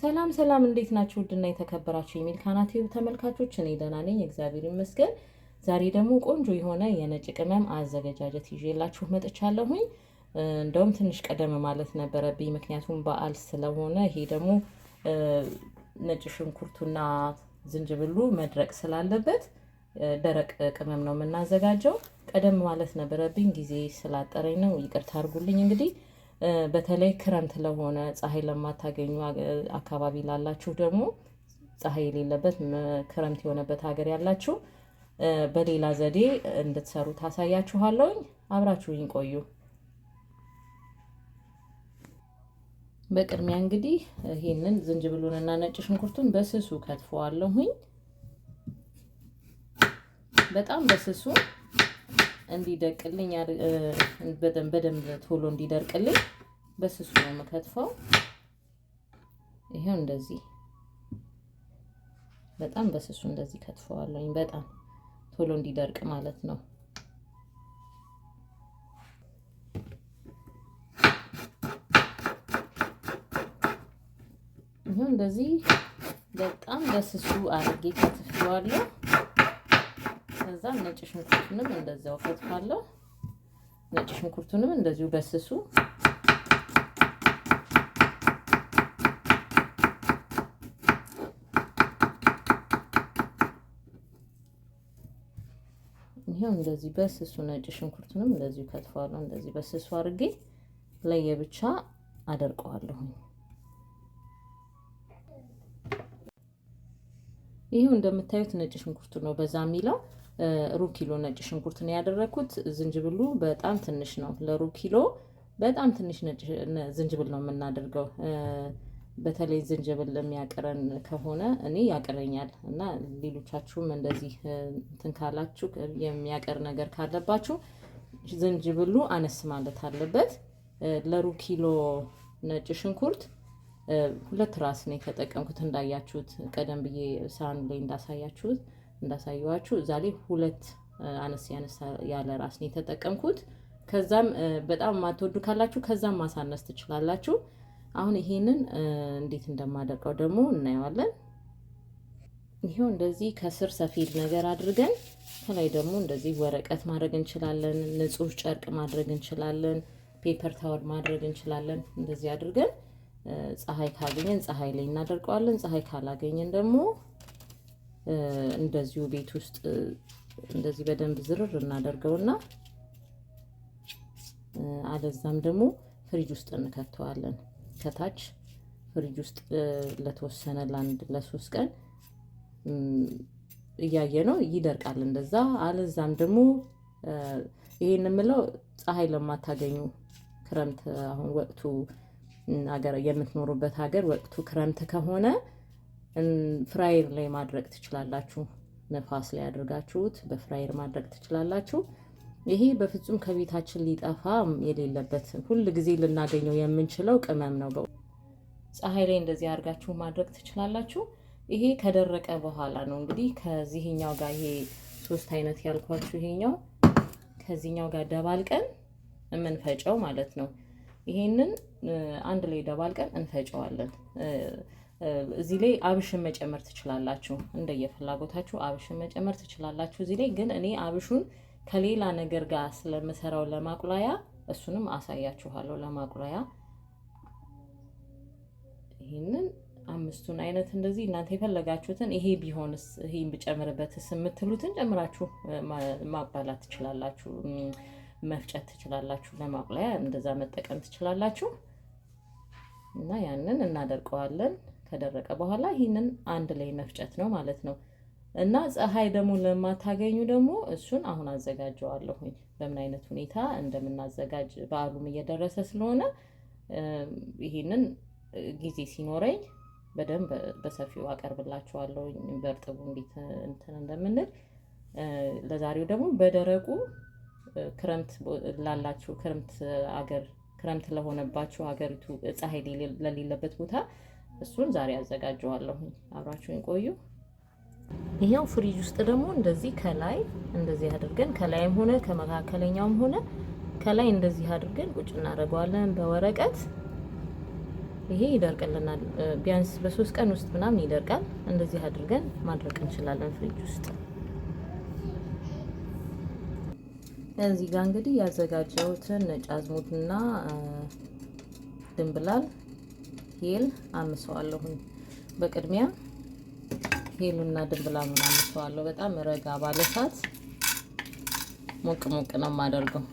ሰላም ሰላም፣ እንዴት ናችሁ? ውድና የተከበራችሁ የሚልካና ቲዩብ ተመልካቾች፣ እኔ ደህና ነኝ፣ እግዚአብሔር ይመስገን። ዛሬ ደግሞ ቆንጆ የሆነ የነጭ ቅመም አዘገጃጀት ይዤላችሁ መጥቻለሁኝ። እንደውም ትንሽ ቀደም ማለት ነበረብኝ፣ ምክንያቱም በዓል ስለሆነ ይሄ ደግሞ ነጭ ሽንኩርቱና ዝንጅብሉ መድረቅ ስላለበት ደረቅ ቅመም ነው የምናዘጋጀው። ቀደም ማለት ነበረብኝ፣ ጊዜ ስላጠረኝ ነው፣ ይቅርታ አድርጉልኝ። እንግዲህ በተለይ ክረምት ለሆነ ፀሐይ ለማታገኙ አካባቢ ላላችሁ ደግሞ ፀሐይ የሌለበት ክረምት የሆነበት ሀገር ያላችሁ በሌላ ዘዴ እንድትሰሩ ታሳያችኋለውኝ። አብራችሁኝ ቆዩ። በቅድሚያ እንግዲህ ይህንን ዝንጅብሉንና ነጭ ሽንኩርቱን በስሱ ከትፈዋለሁኝ። በጣም በስሱ እንዲደቅልኝ በደንብ በደንብ ቶሎ እንዲደርቅልኝ በስሱ ነው የምከትፈው። ይሄው እንደዚህ በጣም በስሱ እንደዚህ ከትፈዋለኝ። በጣም ቶሎ እንዲደርቅ ማለት ነው። ይሄው እንደዚህ በጣም በስሱ አድርጌ ከትፈዋለሁ። ከዛም ነጭ ሽንኩርቱንም እንደዚያው ፈትፋለሁ። ነጭ ሽንኩርቱንም እንደዚሁ በስሱ ይሄው እንደዚህ በስሱ ነጭ ሽንኩርቱንም እንደዚሁ ከትፈዋለሁ። እንደዚህ በስሱ አድርጌ ለየብቻ አደርቀዋለሁ። ይሄው እንደምታዩት ነጭ ሽንኩርቱ ነው በዛ የሚለው ሩብ ኪሎ ነጭ ሽንኩርት ነው ያደረግኩት። ዝንጅብሉ በጣም ትንሽ ነው፣ ለሩብ ኪሎ በጣም ትንሽ ነጭ ዝንጅብል ነው የምናደርገው። በተለይ ዝንጅብል የሚያቅረን ከሆነ እኔ ያቅረኛል እና ሌሎቻችሁም እንደዚህ እንትን ካላችሁ ነገር ካለባችሁ ዝንጅብሉ አነስ ማለት አለበት። ለሩብ ኪሎ ነጭ ሽንኩርት ሁለት ራስ ነው የተጠቀምኩት። እንዳያችሁት ቀደም ብዬ ሳህኑ ላይ እንዳሳያችሁት እንዳሳየዋችሁ እዛ ላይ ሁለት አነስ ያነስ ያለ ራስ ነው የተጠቀምኩት። ከዛም በጣም ማትወዱ ካላችሁ ከዛም ማሳነስ ትችላላችሁ። አሁን ይሄንን እንዴት እንደማደርቀው ደግሞ እናየዋለን። ይሄው እንደዚህ ከስር ሰፌድ ነገር አድርገን ከላይ ደግሞ እንደዚህ ወረቀት ማድረግ እንችላለን። ንጹህ ጨርቅ ማድረግ እንችላለን። ፔፐር ታወል ማድረግ እንችላለን። እንደዚህ አድርገን ፀሐይ ካገኘን ፀሐይ ላይ እናደርቀዋለን። ፀሐይ ካላገኘን ደግሞ እንደዚሁ ቤት ውስጥ እንደዚህ በደንብ ዝርር እናደርገውና አለዛም ደግሞ ፍሪጅ ውስጥ እንከተዋለን። ከታች ፍሪጅ ውስጥ ለተወሰነ ለአንድ ለሶስት ቀን እያየ ነው ይደርቃል። እንደዛ አለዛም ደግሞ ይሄን የምለው ፀሐይ ለማታገኙ ክረምት አሁን ወቅቱ የምትኖሩበት ሀገር ወቅቱ ክረምት ከሆነ ፍራየር ላይ ማድረግ ትችላላችሁ። ነፋስ ላይ አድርጋችሁት በፍራየር ማድረግ ትችላላችሁ። ይሄ በፍጹም ከቤታችን ሊጠፋ የሌለበት ሁል ጊዜ ልናገኘው የምንችለው ቅመም ነው። ፀሐይ ላይ እንደዚህ አድርጋችሁ ማድረግ ትችላላችሁ። ይሄ ከደረቀ በኋላ ነው እንግዲህ ከዚህኛው ጋር ይሄ ሶስት አይነት ያልኳችሁ ይሄኛው ከዚህኛው ጋር ደባልቀን የምንፈጨው ማለት ነው። ይሄንን አንድ ላይ ደባልቀን እንፈጨዋለን። እዚህ ላይ አብሽን መጨመር ትችላላችሁ። እንደየፍላጎታችሁ አብሽን መጨመር ትችላላችሁ። እዚህ ላይ ግን እኔ አብሹን ከሌላ ነገር ጋር ስለምሰራው ለማቁላያ እሱንም አሳያችኋለሁ። ለማቁላያ ይህንን አምስቱን አይነት እንደዚህ እናንተ የፈለጋችሁትን ይሄ ቢሆንስ ይሄን ብጨምርበትስ የምትሉትን ጨምራችሁ ማባላት ትችላላችሁ፣ መፍጨት ትችላላችሁ። ለማቁላያ እንደዛ መጠቀም ትችላላችሁ እና ያንን እናደርቀዋለን። ከደረቀ በኋላ ይህንን አንድ ላይ መፍጨት ነው ማለት ነው። እና ፀሐይ ደግሞ ለማታገኙ ደግሞ እሱን አሁን አዘጋጀዋለሁኝ በምን አይነት ሁኔታ እንደምናዘጋጅ በዓሉም እየደረሰ ስለሆነ ይህንን ጊዜ ሲኖረኝ በደንብ በሰፊው አቀርብላችኋለሁኝ በእርጥቡ እንዴት እንትን እንደምንል። ለዛሬው ደግሞ በደረቁ ክረምት ላላችሁ ክረምት አገር ክረምት ለሆነባችሁ ሀገሪቱ ፀሐይ ለሌለበት ቦታ እሱን ዛሬ አዘጋጀዋለሁ። አብራችሁን ቆዩ። ይሄው ፍሪጅ ውስጥ ደግሞ እንደዚህ ከላይ እንደዚህ አድርገን ከላይም ሆነ ከመካከለኛውም ሆነ ከላይ እንደዚህ አድርገን ቁጭ እናደርገዋለን በወረቀት ይሄ ይደርቅልናል። ቢያንስ በሶስት ቀን ውስጥ ምናምን ይደርቃል። እንደዚህ አድርገን ማድረቅ እንችላለን ፍሪጅ ውስጥ። እዚህ ጋር እንግዲህ ያዘጋጀሁትን ነጭ አዝሙድና ድንብላል ሄል አምሰዋለሁኝ። በቅድሚያ ሄሉና ድንብላሉን አምሰዋለሁ። በጣም ረጋ ባለ እሳት ሞቅ ሞቅ ነው የማደርገው።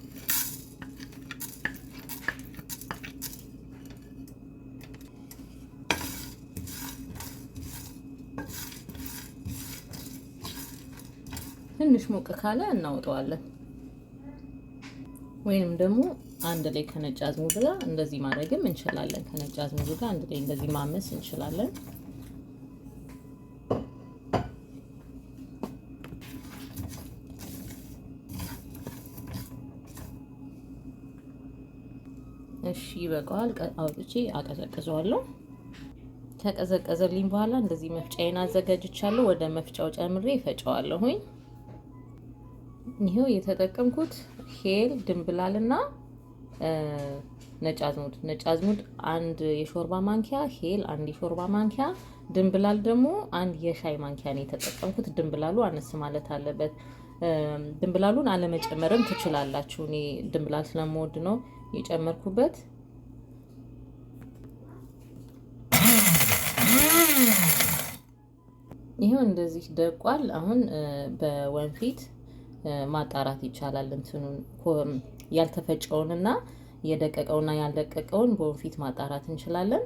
ትንሽ ሞቅ ካለ እናውጠዋለን ወይንም ደግሞ አንድ ላይ ከነጭ አዝሙድ ጋር እንደዚህ ማድረግም እንችላለን። ከነጭ አዝሙድ ጋር አንድ ላይ እንደዚህ ማመስ እንችላለን። እሺ ይበቃዋል። አውጥቼ አቀዘቅዘዋለሁ። ከቀዘቀዘልኝ በኋላ እንደዚህ መፍጫዬን አዘጋጅቻለሁ። ወደ መፍጫው ጨምሬ ፈጨዋለሁኝ። ይሄው የተጠቀምኩት ሄል ድንብላልና ነጭ አዝሙድ ነጭ አዝሙድ አንድ የሾርባ ማንኪያ፣ ሄል አንድ የሾርባ ማንኪያ፣ ድንብላል ደግሞ አንድ የሻይ ማንኪያ ነው የተጠቀምኩት። ድንብላሉ አነስ ማለት አለበት። ድንብላሉን አለመጨመርም ትችላላችሁ። እኔ ድንብላል ስለምወድ ነው የጨመርኩበት። ይሄው እንደዚህ ደቋል። አሁን በወንፊት ማጣራት ይቻላል። እንትኑን ያልተፈጨውንና የደቀቀውና ያልደቀቀውን በወንፊት ማጣራት እንችላለን።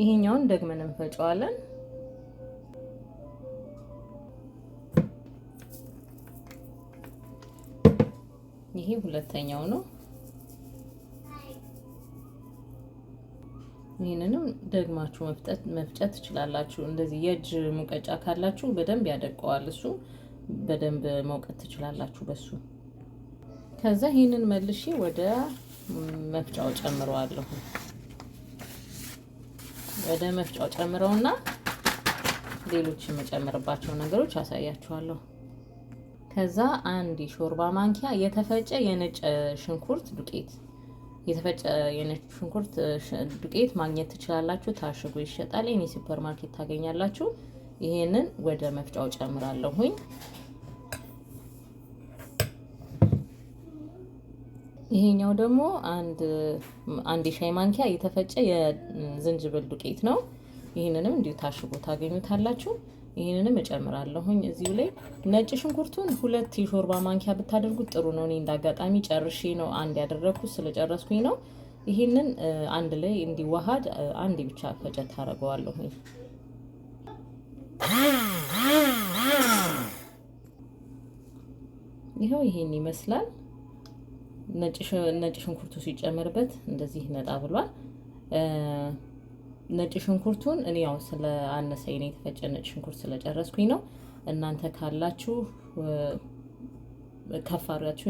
ይሄኛውን ደግመን እንፈጨዋለን። ሁለተኛው ነው። ይህንንም ደግማችሁ መፍጨት ትችላላችሁ። እንደዚህ የእጅ ሙቀጫ ካላችሁ በደንብ ያደቀዋል። እሱ በደንብ መውቀት ትችላላችሁ በሱ። ከዛ ይህንን መልሼ ወደ መፍጫው ጨምረዋለሁ። ወደ መፍጫው ጨምረውና ሌሎች የምጨምርባቸው ነገሮች አሳያችኋለሁ። ከዛ አንድ የሾርባ ማንኪያ የተፈጨ የነጭ ሽንኩርት ዱቄት የተፈጨ የነጭ ሽንኩርት ዱቄት ማግኘት ትችላላችሁ። ታሽጎ ይሸጣል። እኔ ሱፐር ማርኬት ታገኛላችሁ። ይሄንን ወደ መፍጫው ጨምራለሁኝ። ይሄኛው ደግሞ አንድ አንድ የሻይ ማንኪያ የተፈጨ የዝንጅብል ዱቄት ነው። ይህንንም እንዲሁ ታሽጎ ታገኙታላችሁ። ይህንንም እጨምራለሁኝ እዚሁ ላይ ነጭ ሽንኩርቱን ሁለት የሾርባ ማንኪያ ብታደርጉት ጥሩ ነው። እኔ እንዳጋጣሚ ጨርሼ ነው አንድ ያደረግኩት ስለጨረስኩኝ ነው። ይህንን አንድ ላይ እንዲዋሃድ አንድ ብቻ ፈጨት ታደርገዋለሁኝ። ይኸው ይሄን ይመስላል። ነጭ ሽንኩርቱ ሲጨመርበት እንደዚህ ነጣ ብሏል። ነጭ ሽንኩርቱን እኔ ያው ስለ አነሰ ኔ የተፈጨ ነጭ ሽንኩርት ስለጨረስኩኝ ነው። እናንተ ካላችሁ ከፋሪያችሁ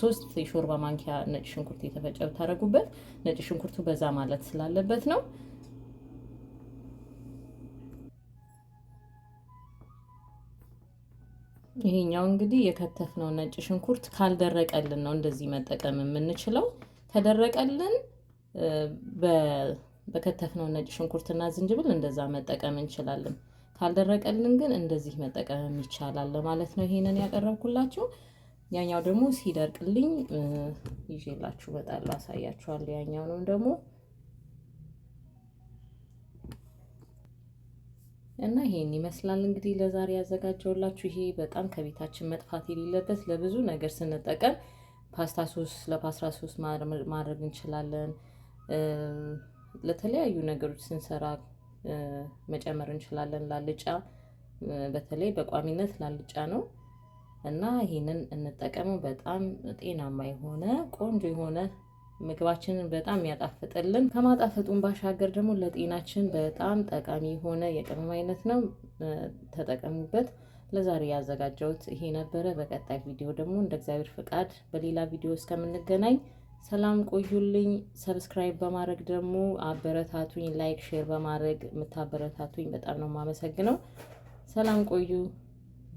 ሶስት የሾርባ ማንኪያ ነጭ ሽንኩርት የተፈጨ ብታደረጉበት ነጭ ሽንኩርቱ በዛ ማለት ስላለበት ነው። ይሄኛው እንግዲህ የከተፍነው ነጭ ሽንኩርት ካልደረቀልን ነው እንደዚህ መጠቀም የምንችለው። ከደረቀልን በከተፍነው ነጭ ሽንኩርትና ዝንጅብል እንደዛ መጠቀም እንችላለን። ካልደረቀልን ግን እንደዚህ መጠቀም ይቻላል ማለት ነው። ይሄንን ያቀረብኩላችሁ። ያኛው ደግሞ ሲደርቅልኝ ይዤላችሁ እመጣለሁ፣ አሳያችኋለሁ። ነው ደግሞ እና ይሄን ይመስላል እንግዲህ ለዛሬ ያዘጋጀውላችሁ። ይሄ በጣም ከቤታችን መጥፋት የሌለበት ለብዙ ነገር ስንጠቀም ፓስታ ሶስ ለፓስታ ሶስ ማድረግ እንችላለን። ለተለያዩ ነገሮች ስንሰራ መጨመር እንችላለን። ላልጫ በተለይ በቋሚነት ላልጫ ነው እና ይህንን እንጠቀመው። በጣም ጤናማ የሆነ ቆንጆ የሆነ ምግባችንን በጣም ያጣፍጥልን። ከማጣፈጡን ባሻገር ደግሞ ለጤናችን በጣም ጠቃሚ የሆነ የቅመም አይነት ነው። ተጠቀሙበት። ለዛሬ ያዘጋጀሁት ይሄ ነበረ። በቀጣይ ቪዲዮ ደግሞ እንደ እግዚአብሔር ፍቃድ በሌላ ቪዲዮ እስከምንገናኝ ሰላም ቆዩልኝ። ሰብስክራይብ በማድረግ ደግሞ አበረታቱኝ። ላይክ፣ ሼር በማድረግ የምታበረታቱኝ በጣም ነው የማመሰግነው። ሰላም ቆዩ።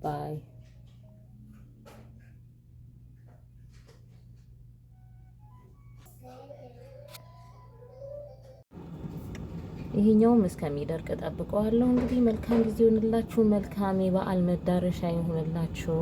ባይ ይሄኛውም እስከሚደርቅ ጠብቀዋለሁ። እንግዲህ መልካም ጊዜ ይሆንላችሁ። መልካም የበዓል መዳረሻ ይሁንላችሁ።